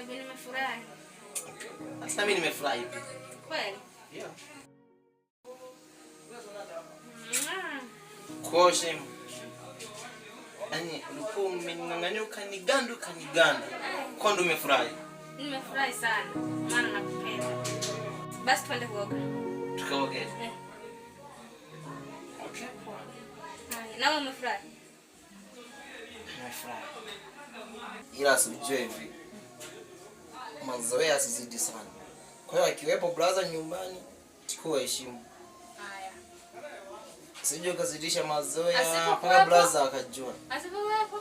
Mimi nimefurahi. Hata mimi nimefurahi. Kweli? Ndio. Yaani, Kwa ani ulikuwa umening'ang'ania ukaniganda ukaniganda. Kwa ndo umefurahi. Nimefurahi sana. Maana nakupenda. Basi twende kuoga. Tukaoge. Eh. Okay. Na umefurahi? Ila sijue hivi. Mazoea sizidi sana. Kwa hiyo akiwepo brother nyumbani, chukua heshima. Sijui kazidisha mazoea mpaka brother akajua. Asipokuwepo.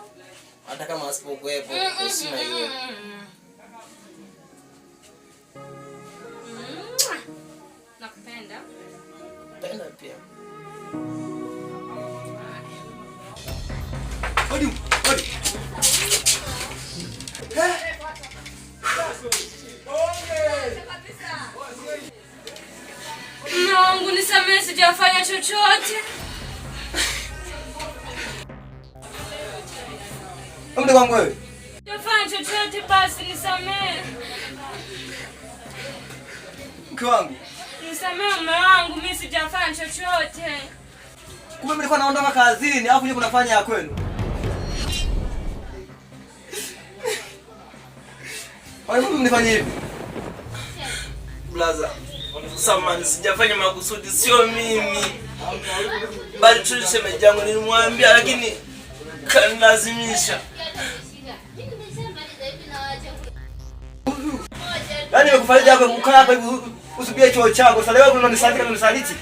Hata kama asipokuwepo, mm, mm, mm, heshima hiyo. Nakupenda. Penda pia. Hadi. Hadi. odi. Eh? mimi sijafanya chochote. Mbona wangu wewe. Sijafanya chochote, basi nisamehe. Mke wangu. Nisamehe mume wangu, mimi sijafanya chochote. Kumbe mlikuwa naondoka kazini, alafu kunafanya ya kwenu. Wewe mbona mnifanyia hivi? Blaza. Samani, sijafanya makusudi, sio mimi, bali tu shemeji yangu nilimwambia, lakini kanilazimisha. Nani amekufariji hapa kukaa hapa hivi usubie choo chako? Sasa leo unanisaliti, unanisaliti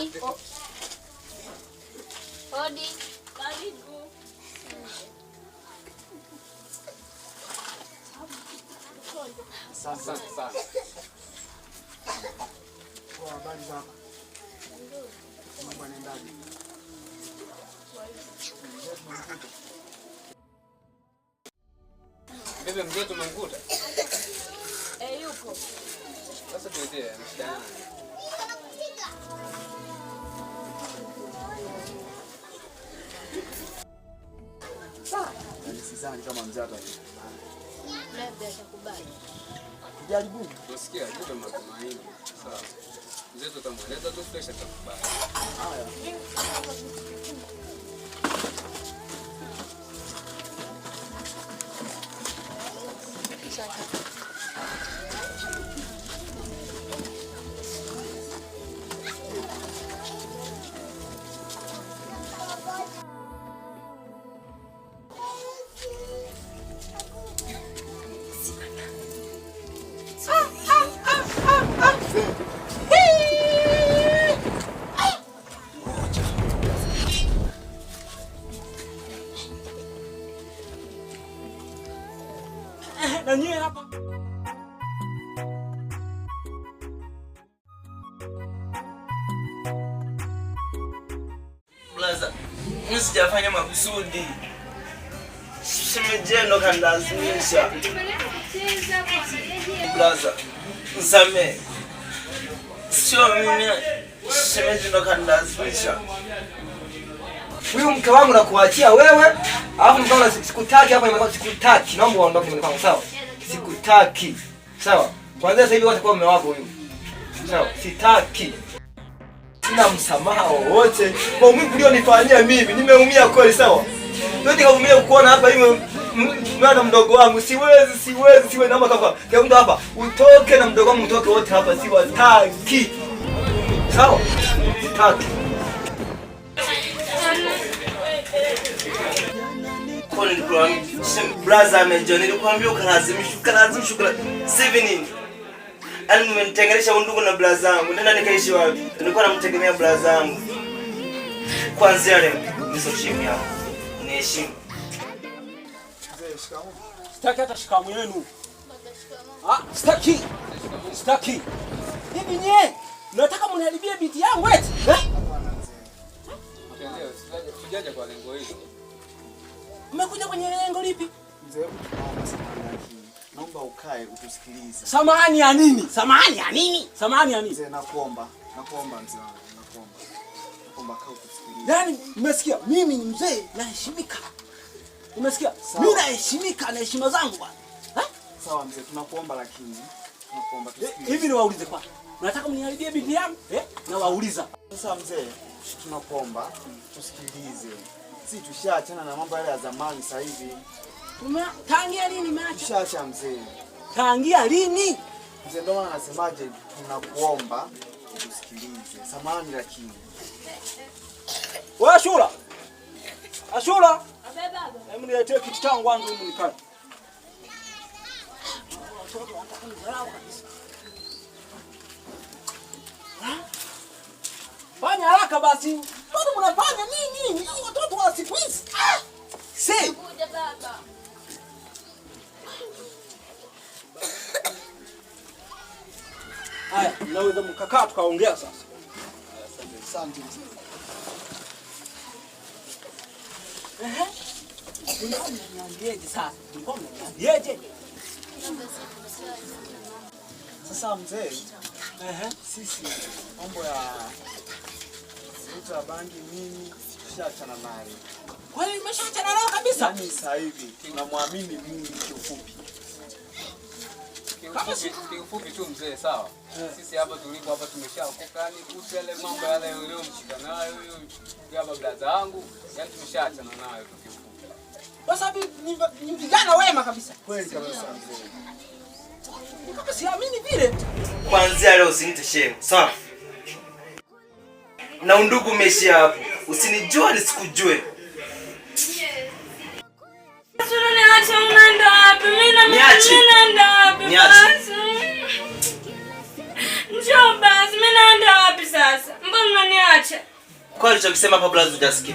Hodi. Hodi. Karibu. Asante sana. Kwa habari zako. Mambo yanaendaje? Bibi mzee tumemkuta? Eh, yupo. Sasa tuletee mshidana. mizani kama mzee atakubali. matumaini. Sawa. Mzee tutamweleza tu kesho atakubali. Haya. Thank you. makusudi, shemejeno kanilazimisha. Blaza msame, sio mimi, shemejeno kanilazimisha. Huyu mke wangu nakuachia wewe, alafu mkaona sikutaki hapa, sikutaki, naomba uondoke mwanangu, sawa? Sikutaki, sawa? Kwanza sasa hivi watakuwa mume wako huyu, sawa? Sitaki sina msamaha wowote maumivu ulionifanyia mimi, nimeumia kweli, sawa. Ndio kuvumilia kuona hapa hivi mwana mdogo wangu, siwezi, siwezi, siwezi. Naomba kaka, mtu hapa utoke na mdogo wangu, utoke wote hapa, siwataki, sawa, sitaki. Nilikuwa brother, nilikuambia ukalazimishwa, ukalazimishwa, si nini yani mmenitenganisha undugu na blaza zangu, tena nikaishi wapi? Nilikuwa namtegemea blaza zangu. Kwanza leo chini yao niheshimu. Sitaki hata shikamu yenu. Ah, sitaki. Sitaki. Hivi nye, mnataka mniharibie binti yangu eti? Eh? Mmekuja kwenye lengo lipi? Mzee, Naomba ukae utusikilize. Samahani ya nini? Samahani ya nini? Samahani ya nini? Mzee, nakuomba. Nakuomba mzee wangu. Nakuomba. Nakuomba kaa utusikilize. Yaani umesikia? Mimi ni mzee naheshimika. Umesikia? Mimi naheshimika na heshima zangu bwana. Eh? Sawa mzee, tunakuomba lakini. Tunakuomba eh, tusikilize. Hivi ni waulize kwa. Nataka mniharibie binti yangu? Eh? Na wauliza. Sasa mzee, tunakuomba tusikilize. Sisi tushaachana na mambo yale ya zamani sasa hivi. Tangia lini macho? Shasha mzee. Tangia lini? Mzee ndo maana nasemaje, tunakuomba utusikilize. Samani lakini. Wewe Ashura. Ashura. Ah, Hebu niletee kitu changu wangu huko nikae. Fanya haraka basi. Mbona mnafanya nini? Watoto wa siku hizi. Ah! Si. Baba. Haya, mnaweza mkakaa tukaongea sasa. Asante. Sasa mzee, sisi mambo ya mtu wa bangi mimi tushaachana naye. Kwa umeshaachana naye kabisa? Yaani sasa hivi tunamwamini Mungu kiufupi kiufupi tu mzee, sawa. Eh. Sisi hapa tulipo hapa tumeshaokoka, yani kuhusu yale mambo yale uliyomshika nayo huyo hapa blaza wangu, yani tumeshaachana nayo tu kiufupi. Kwa sababu ni vijana wema kabisa. Kweli kabisa mzee. Nikaka siamini vile. Kuanzia leo usinite shemu, sawa? Na undugu umeishia hapo. Usinijua nisikujue. Niache. alisema ukisema kabla hujasikia.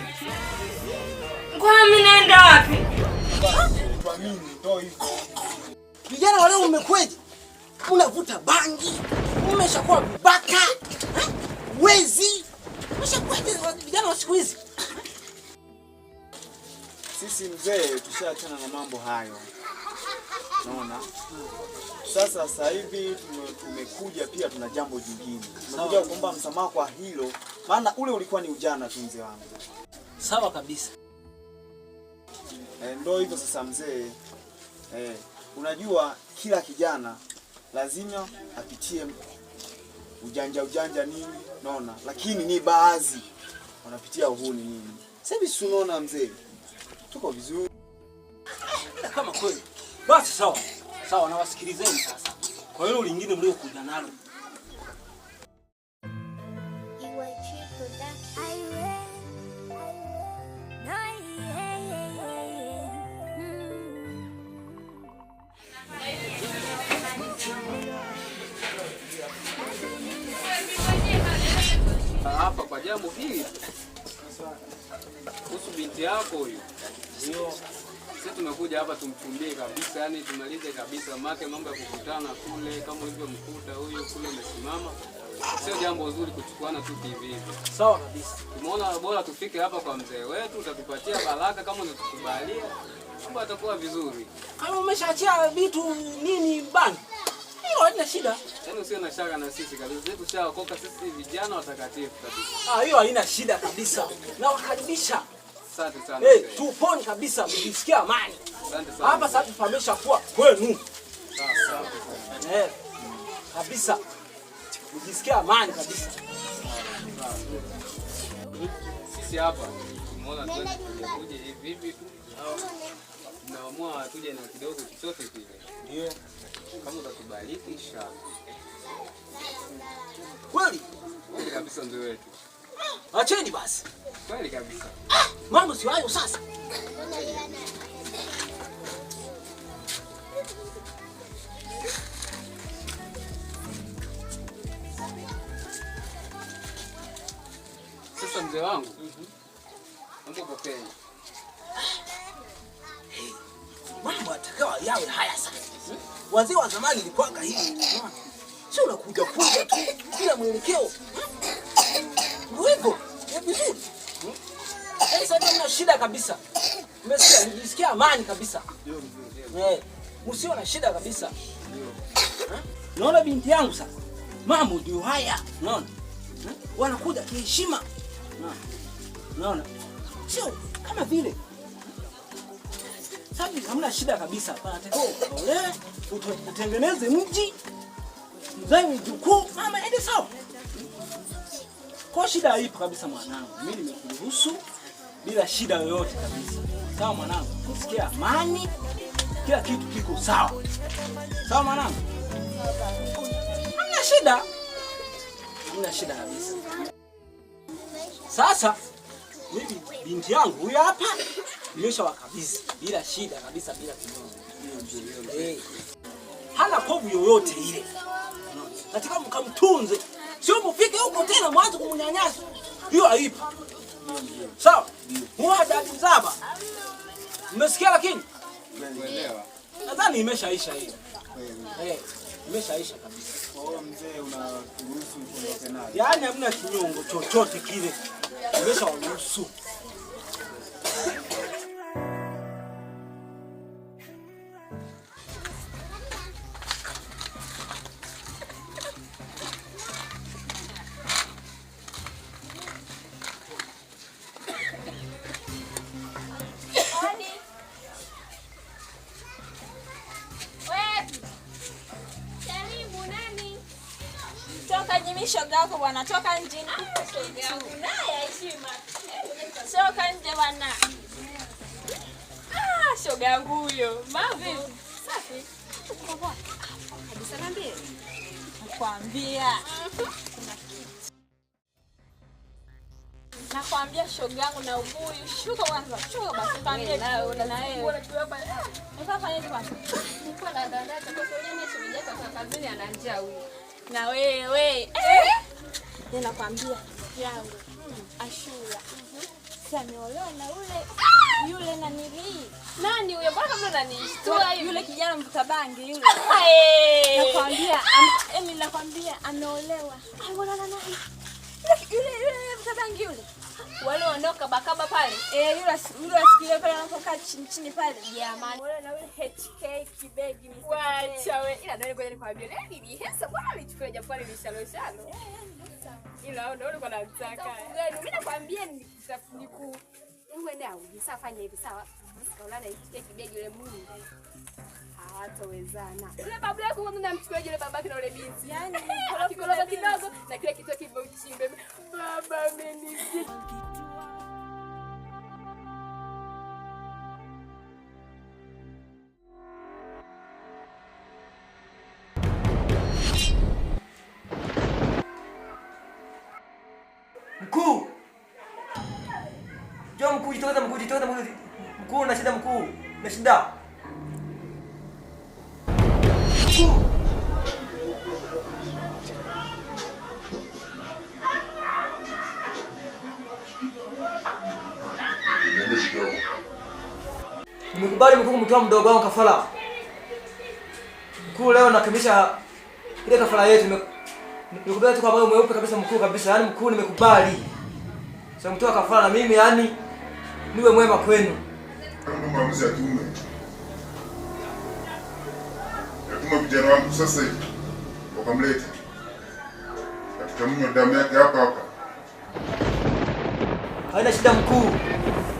Kwa mimi naenda wapi? Vijana wale umekweje? Unavuta bangi, umeshakuwa baka. wezi. Umeshakweje vijana wa siku hizi? Sisi mzee, tushaachana na mambo hayo naona. Sasa sasa hivi tumekuja pia, tuna jambo jingine, tunakuja kuomba msamaha kwa hilo, maana ule ulikuwa ni ujana tu mzee wangu. Sawa kabisa. E, eh, ndo hivyo sasa mzee. E, unajua kila kijana lazima apitie ujanja ujanja nini, naona, lakini ni baadhi wanapitia uhuni nini. Sasa hivi unaona mzee, tuko vizuri eh, kama kweli basi sawa sawa, nawasikilizeni sasa. Kwa hiyo lingine mliokuja nalo hapa kwa jambo hili kuhusu binti yako huyo, ndio sisi tumekuja hapa tumchumbie kabisa, yani tumalize kabisa, make mambo ya kukutana kule kama ulivyo mkuta huyo kule umesimama, sio jambo zuri kuchukuana tu TV. Sawa kabisa, tumeona bora tufike hapa kwa mzee wetu, utatupatia baraka kama unatukubalia, mambo atakuwa vizuri. Kama umeshaachia vitu nini bana, hiyo haina shida, yaani usio na shaka na sisi kabisa, sisi tushaokoka, sisi vijana watakatifu kabisa. Ah, hiyo haina shida kabisa, nawakaribisha Asante sana. Hey, tuponi kabisa mjisikia amani. Hapa sasa tupamesha kuwa kwenu. Eh, kabisa mjisikia amani kabisa. Sisi hapa tumeona tuje hivi hivi tu. Naamua tuje na kidogo chochote kile. Ndio. Kama utatubariki inshallah. Kweli kabisa ndio wetu. Acheni basi. Kweli kabisa. Ah, mambo si hayo sasa. Sasa mzee wangu. Mungu kupenda. Mambo atakawa yawe haya sasa. Wazee wa zamani ilikuwa hivi. Sio unakuja kuja tu bila mwelekeo. Ndio hivyo. Ni vizuri. Hamna shida kabisa. Umesikia? Mjisikia amani kabisa. Eh, msio na shida kabisa. Eh, naona binti yangu sasa. Mambo ndio haya. Unaona? Eh, wanakuja heshima. Unaona? Sio kama vile. Sasa hamna shida kabisa. Panateko ole utengeneze mji. Mzae mjukuu, mama ende sawa. Kwa shida haipo kabisa mwanangu. Mimi nimekuruhusu bila shida yoyote kabisa. Sawa mwanangu, sikia amani, kila kitu kiko sawa. Sawa mwanangu, hamna shida, hamna shida kabisa. Sasa mimi binti yangu huyu hapa nimeshawakabidhi bila shida kabisa, bila hey. hana kovu yoyote ile katika, mkamtunze, sio mufike huko tena mwanzo kumnyanyasa, hiyo haipo. Sawa, muda tizama, mmesikia? Lakini nadhani imeshaisha hiyo, eh, imeshaisha kabisa. Yaani hamna kinyongo chochote kile, imeshawaruhusu yaani shoga yako wanatoka nje. Soka nje bwana. Ah, shoga yangu huyo. Mavi. Safi. Nakwambia. Nakwambia shoga yangu na ubuyu. Shuka kwanza. Shuka basi pande lao na wewe. Nifanya nini kwanza? Niko na dada yako kwa nini sijapata kazini ana njaa huyo na wewe eh? Nakwambia yangu hmm. Ashura mhm. ameolewa na ule yule ah! nanilii nani huyo Mbona mbona nanishtua hivi? Yule kijana mvuta bangi yule, nakwambia nakwambia ameolewa. Ai, mbona nani Yule yule mvuta bangi yule wale wanaokabakaba pale eh, yule yule asikile pale anapokaa chini chini pale jamani, wale na yule HK kibegi acha wewe, ila ndio ngoja nikwambie, eh, bibi hesa bwana alichukua japo mishalo alishaloshalo, eh, eh, ila ndio ulikuwa unataka mimi, nakwambia nikutafuta niku uende auji saa, fanya hivi sawa, kaulana ikie kibegi yule mume hawatowezana. Yule babu yako namchukua yule babake na yule binti, yani koroga kidogo na kile kitu kivo baba ameni Njoo mkuu, jitokeza mkuu, jitokeza mkuu. Mkuu na shida mkuu. Na shida. Nimekubali mkuu kumtoa mdogo wangu kafara. Mkuu leo nakamisha ile kafara yetu. Nimekubali tu kwa mweupe kabisa mkuu kabisa. Yaani mkuu nimekubali. Sasa mtoa kafara na mimi yani niwe mwema kwenu. Kama maamuzi ya kiume yatuma vijana wangu sasa hivi wakamleta, na tutamnywa damu yake hapa hapa. Haina shida mkuu.